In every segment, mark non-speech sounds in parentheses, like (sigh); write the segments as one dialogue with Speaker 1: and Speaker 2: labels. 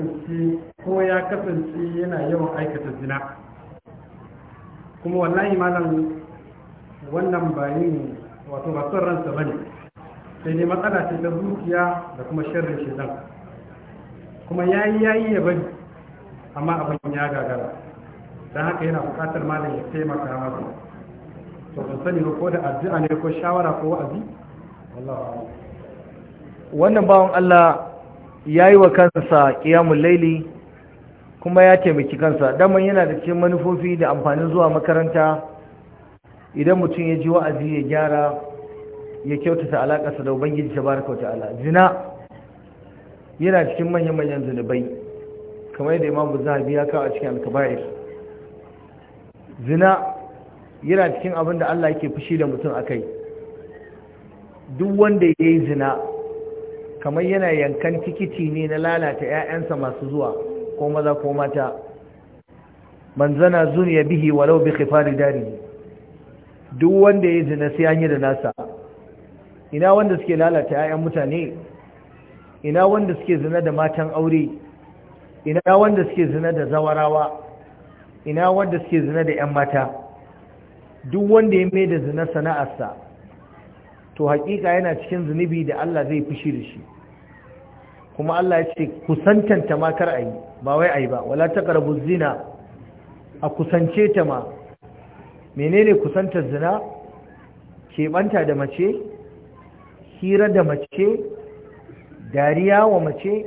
Speaker 1: kasance ko ya kasance yana yawan aikata zina kuma wallahi malam wannan ba yin wato ba son ransa bane sai dai matsala ce ta zuciya da kuma sharrin shaitan kuma ya yi ya yi ya bari amma abin ya gagara don haka yana bukatar malam ya taimaka masa to ban sani ko da addu'a ne ko shawara ko wa'azi wannan
Speaker 2: bawan Allah ya yi wa kansa ƙiyamun laili kuma ya taimaki kansa daman yana da cikin manufofi da amfanin zuwa makaranta idan mutum ya ji wa'azi ya gyara ya kyautata alaƙarsa da ubangiji tabaraka ta'ala zina yana cikin manyan manyan zunubai kamar yadda imamu zahabi ya kawo a cikin alkabair zina yana cikin abin da Allah yake fushi da mutum a kai. duk wanda ya yi zina kamar yana yankan tikiti ne na lalata 'ya'yansa masu zuwa ko maza ko mata manzana zana zuniya bihi walau bi khifari dari duk wanda ya zina sai hanyar da nasa ina wanda suke lalata 'ya'yan mutane ina wanda suke zina da matan aure ina wanda suke zina da zawarawa ina wanda suke zina da 'yan mata duk wanda ya mai da zina sana'arsa to hakika yana cikin zunubi da Allah zai fushi da shi kuma Allah ya ce ta ma kar a yi, ba wai a yi ba wala ta karabu zina a kusance ta ma menene kusantar zina keɓanta da mace hira da mace dariya wa mace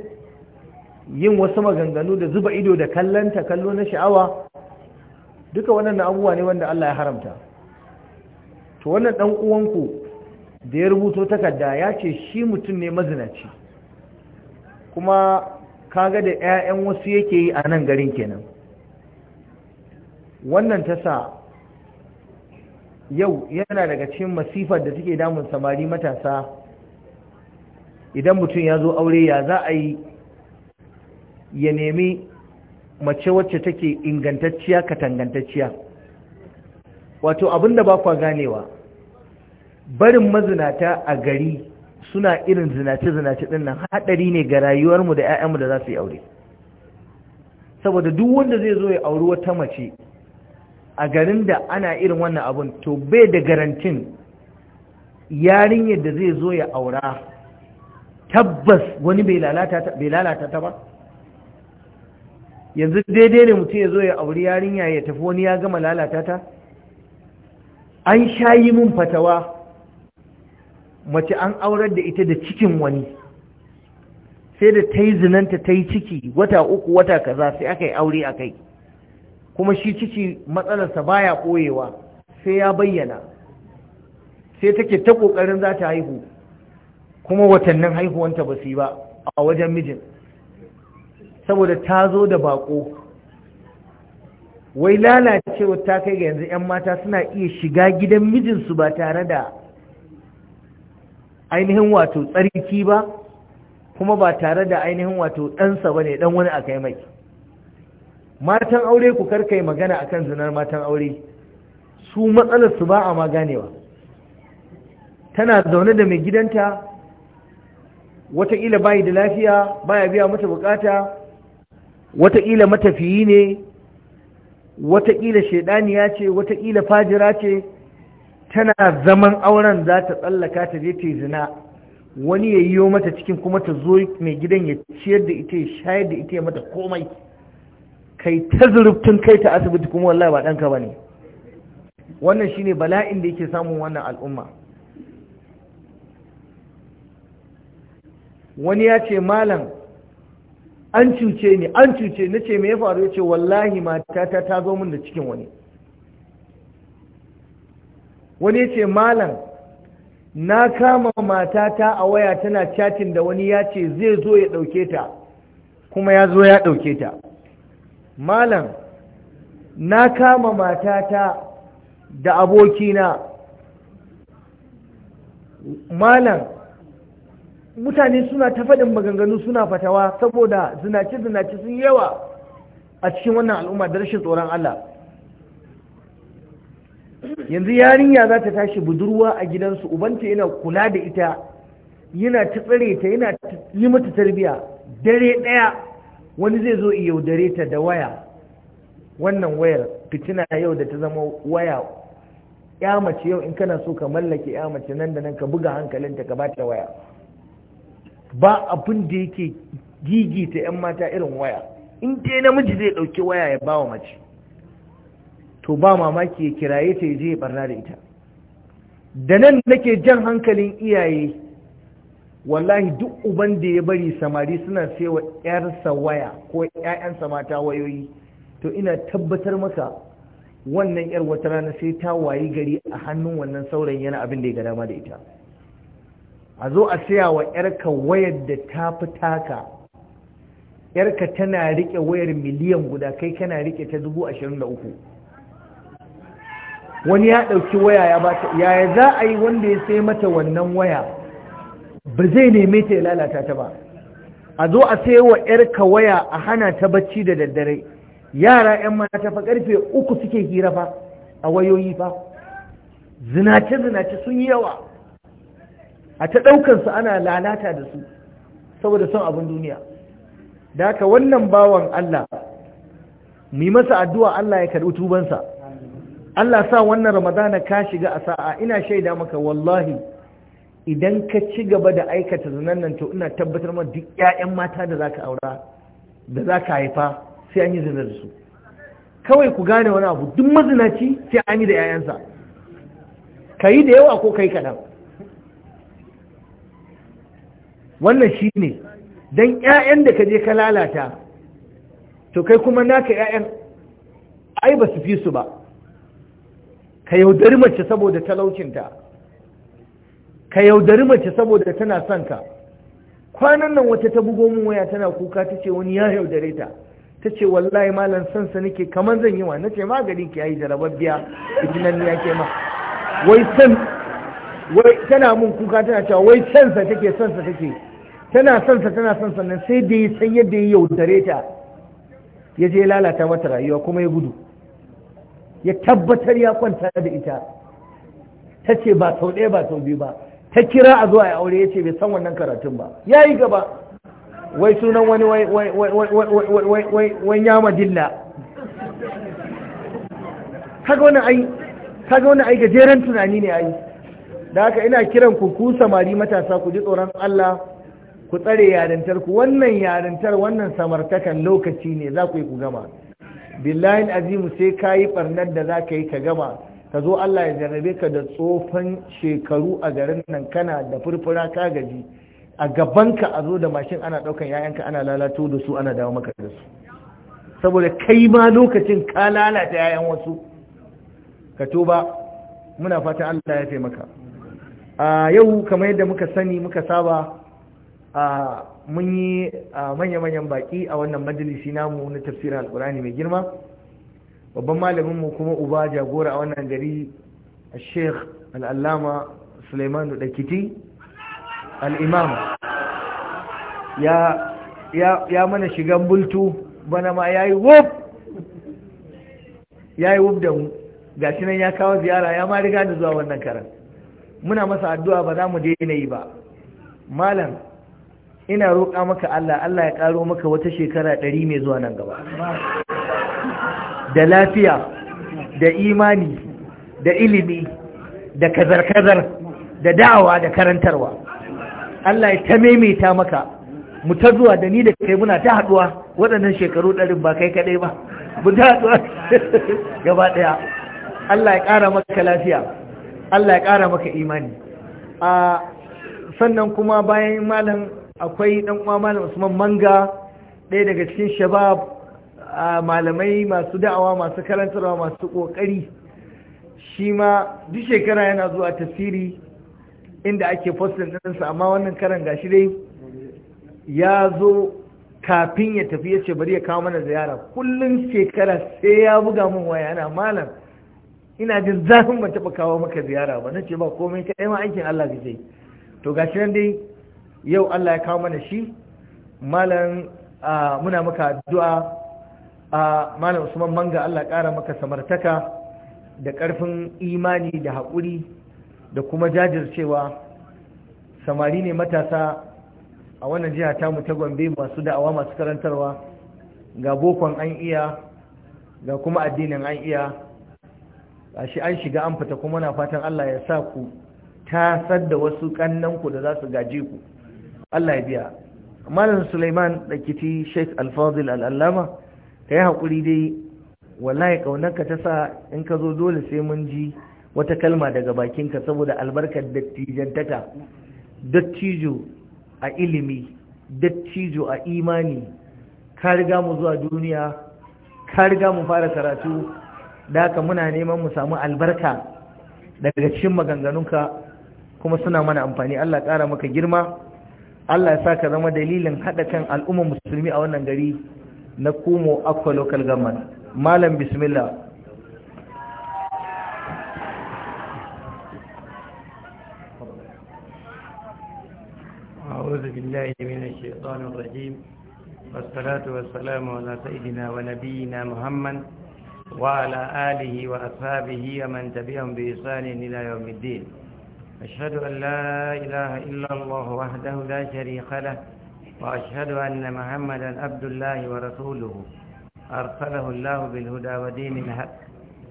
Speaker 2: yin wasu maganganu da zuba ido da kallanta kallo na sha'awa duka wannan abubuwa ne wanda Allah ya haramta to wannan ɗan uwanku da ya rubuto takarda ya ce shi mutum ne mazinaci kuma kaga da 'ya'yan wasu yake yi a nan garin kenan wannan ta sa yau yana daga cikin masifar da suke damun samari matasa idan mutum ya zo aure ya za a yi ya nemi mace wacce take ingantacciya katangantacciya wato abinda ba kwa ganewa barin mazinata a gari suna irin zinace-zinace ɗin nan haɗari ne ga rayuwarmu da 'ya'yanmu da za su yi aure saboda duk wanda zai zo ya auri wata mace a garin da ana irin wannan abun to bai da garantin yarinyar da zai zo ya aura tabbas wani bai lalata ta ba yanzu daidai ne mutum ya zo ya auri yarinya ya tafi wani ya gama lalata ta an shayi mun fatawa mace an aurar da ita da cikin wani sai da ta yi zinanta ta yi ciki wata uku wata kaza sai aka yi aure a kai kuma shi ciki matsalarsa baya koyewa sai ya bayyana sai take ta ƙoƙarin za ta haihu kuma watannin haihuwanta ba su yi ba a wajen mijin saboda ta zo da baƙo wai lalacewa ta kai ga yanzu 'yan mata suna iya shiga gidan mijinsu ba tare da ainihin wato tsarki ba kuma ba tare da ainihin wato ɗansa ba ne ɗan wani a kai mai matan aure ku karkai magana akan zinar matan aure su matsalar su ba a maganewa. tana zaune da mai gidanta wataƙila bayi da lafiya baya biya mata bukata wataƙila matafiyi ne wataƙila shaidaniya ce wataƙila fajira ce tana zaman auren za ta tsallaka ta je ta zina wani ya yiwo mata cikin kuma ta zo mai gidan ya ciyar da ita ya shayar da ita ya mata komai kai ta zurubtun kai ta asibiti kuma wallahi ba ɗanka ba ne wannan shi ne bala'in da yake samun wannan al'umma wani ya ce malam an cuce ni an cuce na ce me ya faru ya ce wallahi matata ta zo min da cikin wani wani ya ce malam na kama matata a waya tana chatin da wani ya ce zai zo ya ɗauke ta kuma ya zo ya ɗauke ta malam na kama matata da abokina malam mutane suna ta faɗin maganganu suna fatawa saboda zinace-zinace sun yawa a cikin wannan al'umma da rashin tsoron Allah yanzu yarinya za ta tashi budurwa a gidansu ubanta yana kula da ita yana ta tsare ta yana yi mata tarbiya dare ɗaya wani zai zo yaudare ta da waya wannan wayar fitina yau da ta zama waya ya mace yau in kana so ka mallake ya mace nan da nan ka buga hankalinta ka bata waya ba abin da yake gigita 'yan mata irin waya in dai namiji zai ɗauki waya ya bawa mace to ba mamaki ya kiraye ta ya je barna da ita da nan nake jan hankalin iyaye wallahi duk uban da ya bari samari suna sewa yarsa waya ko 'ya'yansa mata wayoyi to ina tabbatar maka wannan yar wata rana sai ta wayi gari a hannun wannan sauran yana abin da ya ga dama da ita a zo a saya wa yarka wayar da ta fi taka yarka tana rike wayar miliyan guda kai kana rike ta dubu ashirin da uku wani ya ɗauki waya ya bata yaya za a yi wanda ya sai mata wannan waya ba zai neme ta ya lalata ta ba a zo a sai wa ‘yarka waya a hana ta bacci da daddare yara ‘yan mata fa karfe uku suke hira fa a wayoyi fa
Speaker 1: zinace-zinace
Speaker 2: sun yi yawa a ta ɗaukansu ana lalata da su saboda son abin duniya da haka wannan bawan Allah mu yi masa addu'a Allah ya karɓi tubansa Allah sa wannan ramadana ka shiga a sa'a ina shaida maka wallahi idan ka ci gaba da aikata zanen nan to ina tabbatar ma duk 'ya'yan mata da zaka aura da zaka haifa sai an yi zina da su kawai ku gane wani abu duk mazinaci sai an yi da 'ya'yansa ka yi da yawa ko kai kaɗan wannan shi ne don 'ya'yan da ka je ka lalata to kai kuma naka 'ya'yan ai ba su fi su ba ka yaudari mace saboda talaucinta ka yaudari mace saboda tana son ka kwanan nan wata ta bugo min waya tana kuka ta ce wani ya yaudare ta ta ce wallahi malam son sa nake kamar zan yi wa na ce magani ki yi jarababbiya idan ya ke ma wai son wai tana mun kuka tana cewa wai son sa take son sa take tana son sa tana son sannan sai da ya san yadda ya yaudare ta ya je lalata mata rayuwa kuma ya gudu ya tabbatar ya kwanta da ita ta ce ba sau ɗaya ba sau biyu ba ta kira a zuwa ya aure ya ce bai san wannan karatun ba ya yi gaba wai sunan wani wai yama dilla kaga wani ai gajeren tunani ne ai da haka ina kiran ku ku samari matasa ku ji tsoron Allah ku tsare yarintar ku wannan yarintar wannan samartakan lokaci ne za ku yi ku gama billahin azimu sai ka yi ɓarnar da za ka yi ka gama ka zo Allah ya jarrabe ka da tsofan shekaru a garin nan kana da furfura ka gaji a gabanka a zo da mashin ana ɗaukan yayanka ana lalato da su ana dawo maka da su saboda kai ma lokacin ka lalata yayan wasu ka tuba muna fatan Allah ya taimaka a yau kamar yadda muka sani muka saba a mun yi manya-manyan baki a wannan majalisi namu na tafsirin alkurani mai girma babban malamin mu kuma uba jagora a wannan gari sheikh al'allama suleiman dakiti al'imam ya mana shigan bultu bana ma ya yi wuf ya yi wuf da mu ga nan ya kawo ziyara ya ma riga da zuwa wannan karan muna masa addu'a ba za mu daina yi ba malam ina roƙa maka Allah Allah ya ƙaro maka wata shekara ɗari mai zuwa nan gaba da lafiya da imani da ilimi da kazar-kazar da da'awa da karantarwa Allah ya ta maimaita maka mu ta zuwa da ni da kai muna ta haɗuwa waɗannan shekaru ɗarin ba kai kaɗai ba mu ta haɗuwa (laughs) gaba ɗaya Allah ya ƙara maka lafiya Allah ya ƙara maka imani a ah, sannan kuma bayan malam akwai dan uwa malam Usman Manga ɗaya daga cikin shabab malamai masu da'awa masu karantarwa masu kokari shi ma duk shekara yana zuwa tasiri inda ake fosil ɗinsa amma wannan karan gashi dai ya zo kafin ya tafi ya ce bari ya kawo mana ziyara kullum shekara sai ya buga min waya ana malam ina jin zafin ban taɓa kawo maka ziyara ba na ce ba komai kaɗai ma aikin Allah kake to gashi nan dai yau Allah ya kawo mana shi malam muna maka addu'a malam Usman Manga Allah ƙara maka samartaka da ƙarfin imani da haƙuri da kuma jajircewa samari ne matasa a wannan jiha ta mu ta Gombe masu da'awa masu karantarwa ga bokon an iya ga kuma addinin an iya A shi an shiga an fita kuma na fatan Allah ya sa ku tasar da wasu kannanku da za su gaje ku Allah ya biya malam Suleiman da kiti Sheikh Al-Fadil Al-Allama kai hakuri dai wallahi kaunarka ta sa in ka zo dole sai mun ji wata kalma daga bakinka saboda albarkar dattijantaka dattijo a ilimi dattijo a imani ka riga mu zuwa duniya ka riga mu fara karatu da haka muna neman mu samu albarka daga cikin maganganunka kuma suna mana amfani Allah ƙara maka girma Allah ya saka zama dalilin hada kan al'ummar musulmi a wannan gari na komo akwa local government malam bismillah
Speaker 1: أعوذ بالله من الشيطان الرجيم والصلاة والسلام على سيدنا ونبينا محمد وعلى آله وأصحابه ومن تبعهم بإحسان إلى يوم الدين أشهد أن لا إله إلا الله وحده لا شريك له وأشهد أن محمدا عبد الله ورسوله أرسله الله بالهدى ودين الحق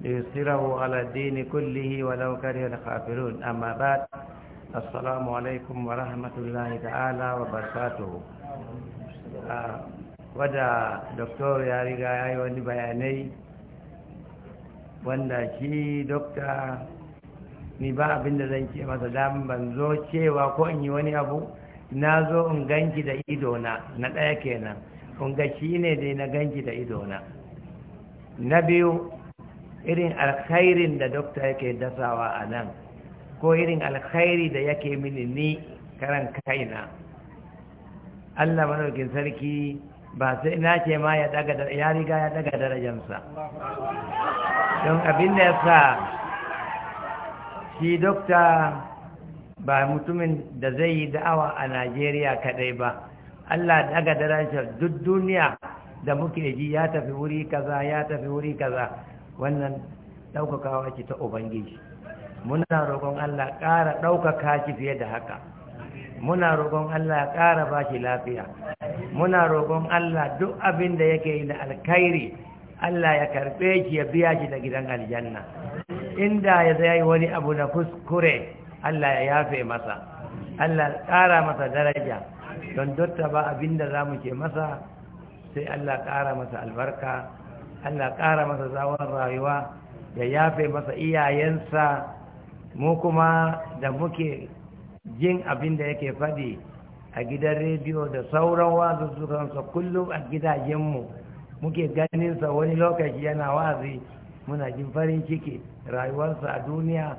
Speaker 1: ليصره على الدين كله ولو كره الخافرون أما بعد السلام عليكم ورحمة الله تعالى وبركاته آه، ودا دكتور يا رجاء ya yi wani bayanai ni ba abin da zan ce masa damin ban zo cewa ko in yi wani abu na zo in ganki da idona na ɗaya kenan in ga shi ne dai na ganki da idona na biyu irin alkhairin da dokta yake dasawa a nan ko irin alkhairi da yake mini ni karan kaina Allah madaukin sarki ba sai na ce ma ya riga ya daga darajansa don abin da ya sa shi dokta ba mutumin da zai yi da'awa a najeriya kadai ba allah daga daraja duk duniya da muke ji ya tafi wuri kaza ya tafi wuri kaza wannan ɗaukakawa ce ta ubangiji muna roƙon allah ƙara ɗaukaka shi fiye da haka muna roƙon allah ƙara ba shi lafiya muna roƙon allah duk abin da yake yi na alkhairi allah ya karɓe shi ya biya shi da gidan aljanna inda ya zai wani abu na kuskure Allah ya yafe masa Allah ƙara masa daraja don dotta ba abinda za mu ke masa sai Allah ƙara masa albarka Allah ƙara masa zawon rayuwa ya yafe masa iyayensa mu kuma da muke jin abinda yake faɗi a gidan rediyo da sauran wazu sukansa kullum a gidajenmu muke ganinsa wani lokaci yana wazi muna jin farin ciki rayuwarsa a duniya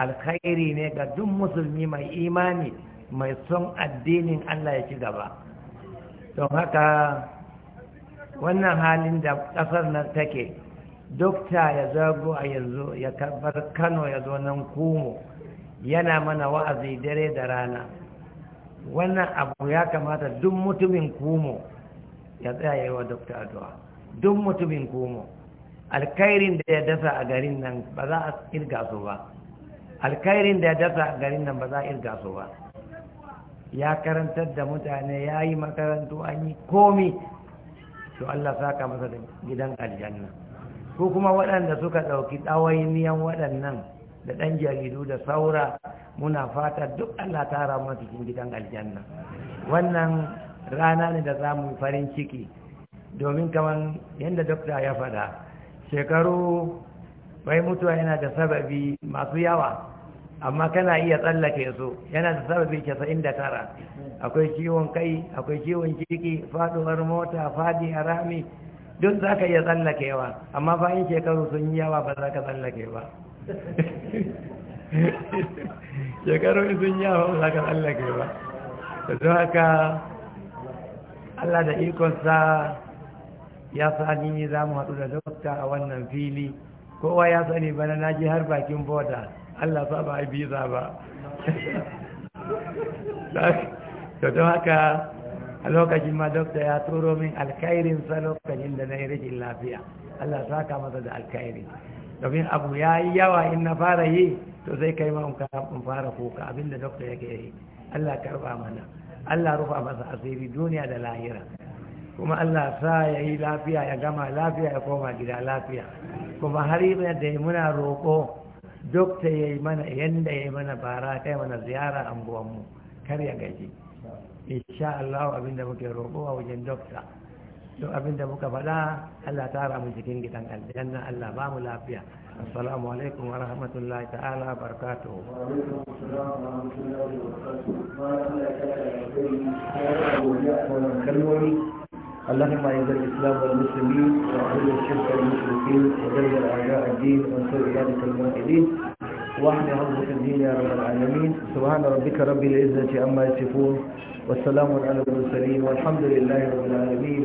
Speaker 1: alkhairi ne ga duk musulmi mai imani mai son addinin Allah ya ci gaba don haka wannan halin da ƙasar nan take dokta ya zago a yanzu ya karbar kano ya zo nan kumo yana mana wa'azi dare da rana wannan abu ya kamata duk mutumin kumo ya tsaya yi wa dokta addu'a duk mutumin kumo alkairin da ya dasa a garin nan ba za a irga su ba alkairin da ya dasa a garin nan ba za a irga su ba ya karantar da mutane ya yi makarantu an yi komi to Allah saka masa da gidan aljanna ko kuma waɗanda suka ɗauki ɗawainiyan waɗannan da ɗan jaridu da saura muna fata duk Allah ta rama cikin gidan aljanna wannan rana ne da za mu farin ciki domin kamar yadda dokta ya faɗa shekaru bai mutuwa yana da sababi masu yawa amma kana iya tsallake su yana da sababi casa'in da tara akwai ciwon kai akwai ciwon ciki faduwar mota fadi a rami duk za ka iya tsallakewa amma bayan shekaru sun yi yawa ba za ka tsallake ba (laughs) shekaru sun yi yawa ba za ka tsallake ba da haka Allah da ikonsa ya sani za mu haɗu da dokta a wannan fili kowa ya sani bana na ji har bakin boda allah sa ba a biza ba da (laughs) don haka a lokacin ma dokta ya turo min sa lokacin da na yi rikin lafiya allah sa ka masa da alkairi domin abu ya yi yawa in na fara yi to zai kai ma in fara kuka abinda dokta yake yi allah karba mana allah rufa masa asiri duniya da lahira kuma Allah sa ya yi lafiya ya gama lafiya ya koma gida lafiya kuma har yi da muna roƙo dokta ya yi mana yadda ya yi mana bara ta yi mana ziyara a mu kar ya gaji insha Allah abinda muke roƙo a wajen dokta to abinda muka faɗa Allah ta ramu cikin gidan aljanna Allah ba mu lafiya assalamu alaikum wa rahmatullahi ta'ala wa barakatuhu اللهم اعز
Speaker 2: الاسلام والمسلمين واذل الشرك والمشركين ودمر اعداء الدين وانصر عبادك الموحدين واحمي عظمه الدين يا رب العالمين سبحان ربك رب العزه عما يصفون والسلام على المرسلين والحمد لله رب العالمين